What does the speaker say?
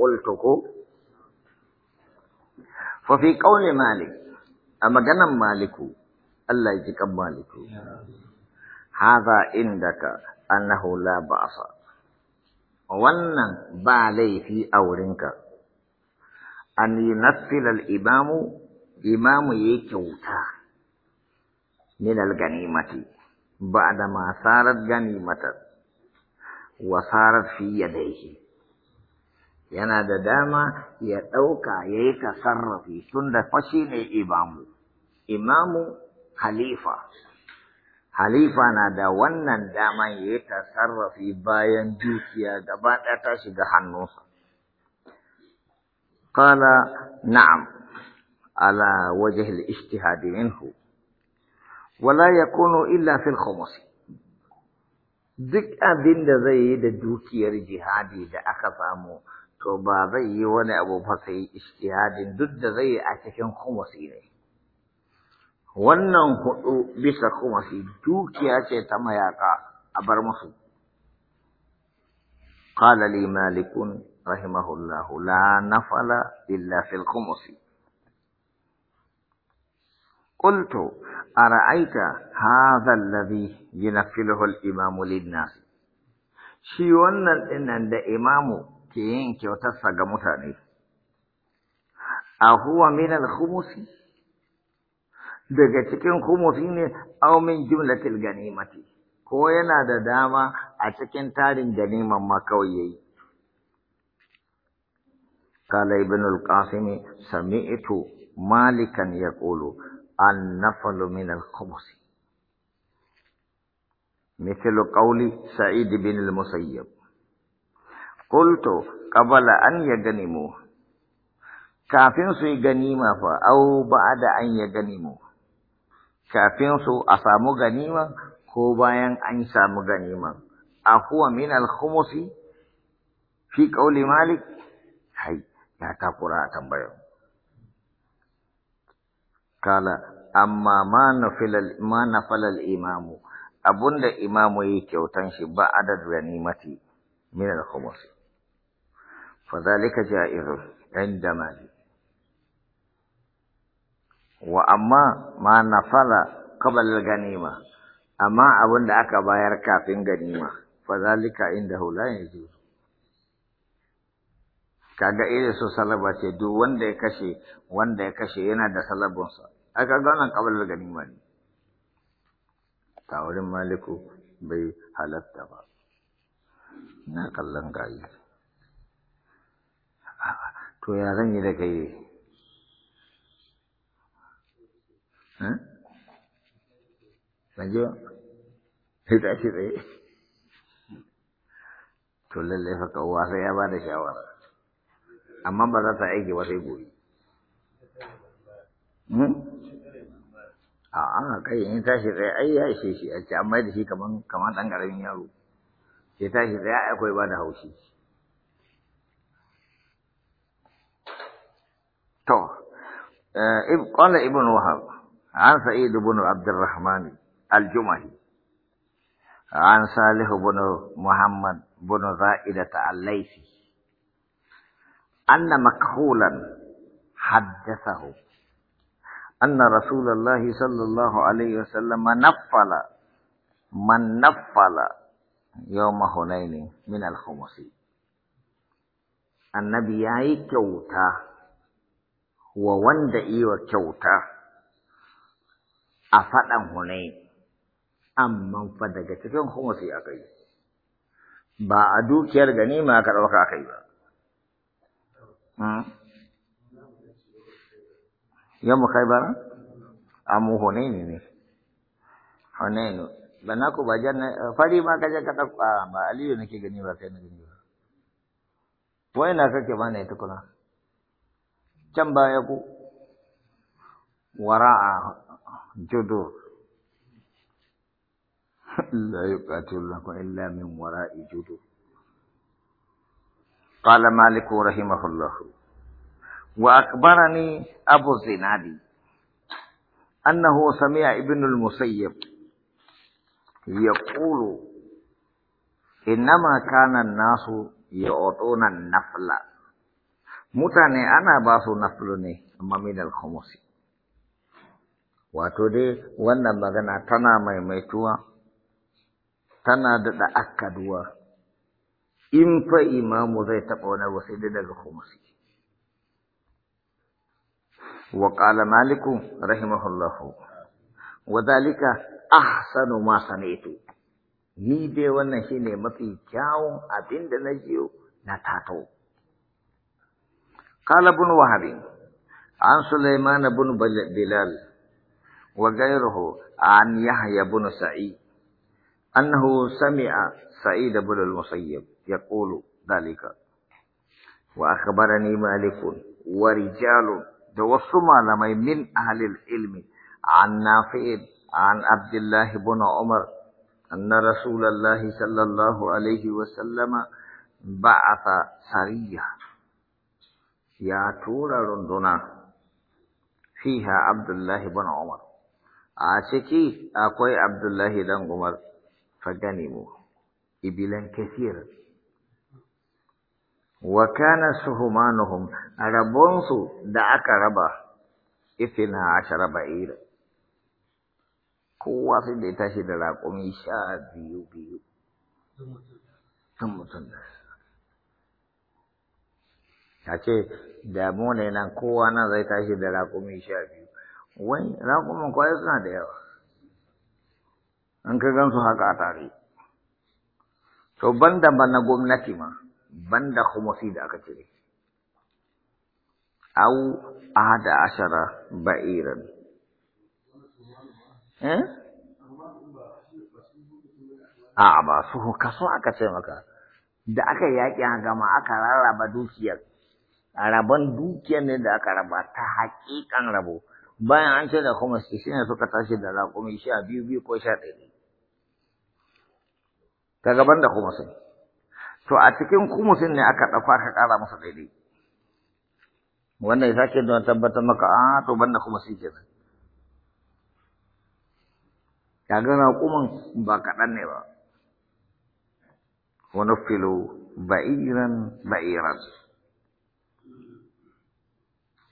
قلتكم ففي قول مالك أما جنا مالك الله يجيكم مالك هذا عندك أنه لا بأس وأن بالي في أورنك أن ينفل الإمام إمام يكوتا من الغنيمة بعدما صارت غنيمة وصارت في يديه yana da dama ya ɗauka ya yi tasarrafi tun da fashi ne imamu imamu halifa halifa na da wannan dama ya yi tasarrafi bayan dukiya gaba ɗaya ta shiga hannunsa قال نعم على وجه الاجتهاد منه ولا يكون إلا في الخمس duk abin da zai yi da dukiyar jihadi da aka samu to ba zai yi wani abu ba sai ishtihadin duk da zai a cikin khumasi ne wannan hudu bisa khumasi dukiya ce ta mayaka a bar musu qala li malikun rahimahullah la nafala illa fil khumasi قلت أرأيت هذا الذي ينفله الإمام للناس شي wannan dinnan da imamu ke yin kyautarsa ga mutane. A huwa minal khumusi daga cikin khumusi ne aw min jumlatil ganimati ko yana da dama a cikin tarin ganiman ma kawai yayi. قال ابن القاسم سمعت مالكا يقول النفل من الخمس مثل قول سعيد بن المسيب Kulto, ƙabala an ya gani mu, kafin su yi ganima fa au da an ya gani mu? kafin su a samu ganima ko bayan an samu ganima a huwa min al-khumusi fi qawli malik hai ya takura a tambayar kala amma ma na ma imamu abunda imamu yi kyautan shi ba adad ganimati min al-khumusi فذلك جائز عند مالك واما ما نفل قبل الغنيمة أما أبن دعك باير كافين غنيمة فذلك عنده لا يجوز kaga irin so salaba ce duk wanda ya kashe wanda ya kashe yana da salabunsa aka kaga wannan kabalar ganima ne ta wurin maliku bai halatta ba na kallon gayi to ya zan yi da kai ban ji ba sai ta ce tsaye to lallai haka uwa sai ya ba da shawara amma ba za ta aiki ba sai gobe hmm? a'a kai in tashi tsaye ai ya ishe shi a ce amma yadda da shi kaman ɗan dan karamin yaro ya tashi tsaye ai akwai ba da haushi آه، قال ابن وهب عن سعيد بن عبد الرحمن الجمهي عن صالح بن محمد بن زائدة الليثي أن مكحولا حدثه أن رسول الله صلى الله عليه وسلم نفل من نفل يوم هنين من الخمس النبي يعيك كوتا wa wanda iwa kyauta a faɗan hunai, amma fa daga cikin sai aka yi, ba a dukiyar ganima aka ɗauka aka yi ba. Hmm? mu kai bara? Amma hunai ne ne, hunai ne. ba na ku ba janna fari ma kaje ka ɗauka ba aliyu nake gani ba kai na gani ba wai na kake ba ita kuna? can baya ku wara'a ah, judur la yuqatilunakum illa min wara'i judur قال مالك رحمه الله وأخبرني أبو الزنادي أنه سمع ابن المسيب يقول إنما كان الناس يعطون النفل mutane ana ba su naflu ne amma min wato dai wannan magana tana maimaituwa tana daɗa akaduwa. in fa imamu zai taɓa wani wasu da daga khumusi wa qala maliku rahimahullahu wa dhalika ahsanu ma sanaitu ni dai wannan shine mafi kyawun abin da na jiyo na tato قال ابن وهب عن سليمان بن بلال وغيره عن يحيى بن سعيد أنه سمع سعيد بن المسيب يقول ذلك وأخبرني مالك ورجال توصما لما من أهل العلم عن نافع عن عبد الله بن عمر أن رسول الله صلى الله عليه وسلم بعث سريه ya tura runduna fiha abdullahi bin umar a ciki akwai abdullahi dan umar faganimu ibilan kasir wa kana suhumanuhum rabonsu da aka raba isina ashara ba'ira kowa sai da ya tashi da raƙumi sha biyu biyu sun mutum da ta ce damu ne nan kowa nan zai tashi da raƙumi sha biyu wai raƙumin kwaye suna da yawa an ka gan su haka a tare to ban da ba na gwamnati ma ban da humusi da aka cire au a da ashara ba'iran eh a ba su kaso aka ce maka da aka yaƙi a gama aka rarraba dukiyar rabon dukiyar ne da aka raba ta haƙiƙan rabo bayan an ce da kuma shi ne suka tashi da raƙumi sha biyu biyu ko sha ɗaya ta gaban da kuma sun to a cikin kumusin ne aka ɗauka aka ƙara masa daidai wannan ya sake don tabbatar maka a ah, to ban da kuma ke nan. Ya ga raƙuman ba kaɗan ne ba wani filo ba'iran ba'iran